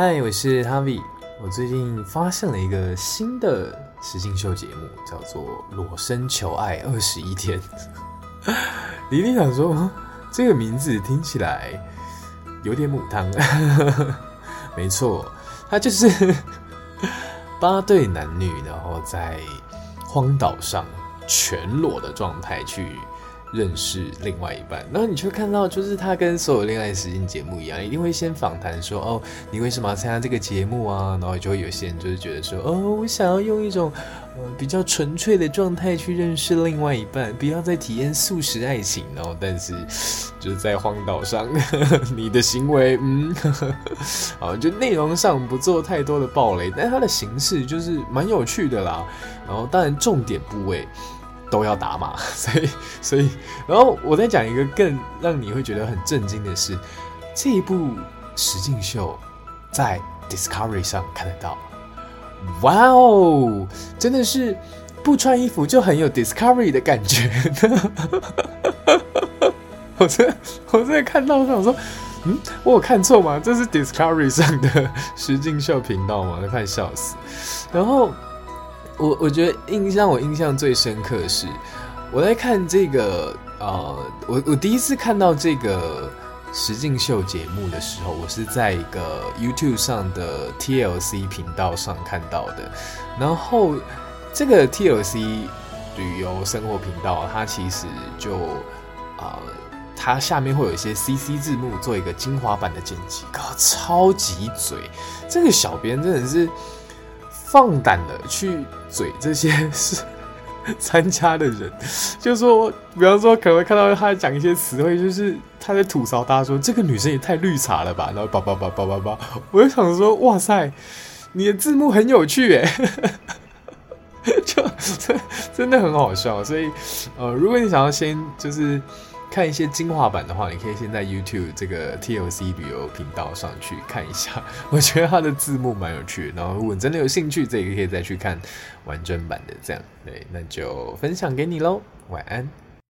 嗨，Hi, 我是 Harvie。我最近發現了一個新的實境秀節目，叫做《裸身求愛二十一天》。李 麗想說，這個名字聽起來有點母湯。 沒錯，它就是八對男女，然後在荒島上全裸的狀態去。認識另外一半，然後你就會看到，就是他跟所有戀愛實境節目一樣，一定會先訪談說：“哦，你為什麼要參加這個節目啊？”然後就會有些人就是覺得說：“哦，我想要用一種呃比較純粹的狀態去認識另外一半，不要再體驗速食愛情。”然後，但是就是在荒島上， 你的行為嗯，啊， 就內容上不做太多的暴雷，但它的形式就是蠻有趣的啦。然後，當然重點部位。都要打碼，所以所以，然後我再講一個更讓你會覺得很震驚的是，這一部實境秀在 Discovery 上看得到，哇哦，真的是不穿衣服就很有 Discovery 的感覺， 我真我真看到想說，嗯，我有看錯嗎？這是 Discovery 上的實境秀頻道嗎？快笑死，然後。我我覺得印象我印象最深刻是，我在看這個呃，我我第一次看到這個實境秀節目的時候，我是在一個 YouTube 上的 TLC 頻道上看到的。然後這個 TLC 旅遊生活頻道，它其實就啊、呃，它下面會有一些 CC 字幕，做一個精華版的剪輯，搞超級嘴。這個小編真的是。放膽的去嘴這些是 參加的人，就說，比方說可能看到他講一些詞彙，就是他在吐槽大家說這個女生也太綠茶了吧，然後叭叭叭叭叭叭，我就想說哇塞，你的字幕很有趣誒 就真真的很好笑，所以呃，如果你想要先就是。看一些精華版的話，你可以先在 YouTube 這個 TLC 旅遊頻道上去看一下，我覺得它的字幕蠻有趣的。然後，如果你真的有興趣，這個可以再去看完整版的。這樣，對，那就分享給你囉。晚安。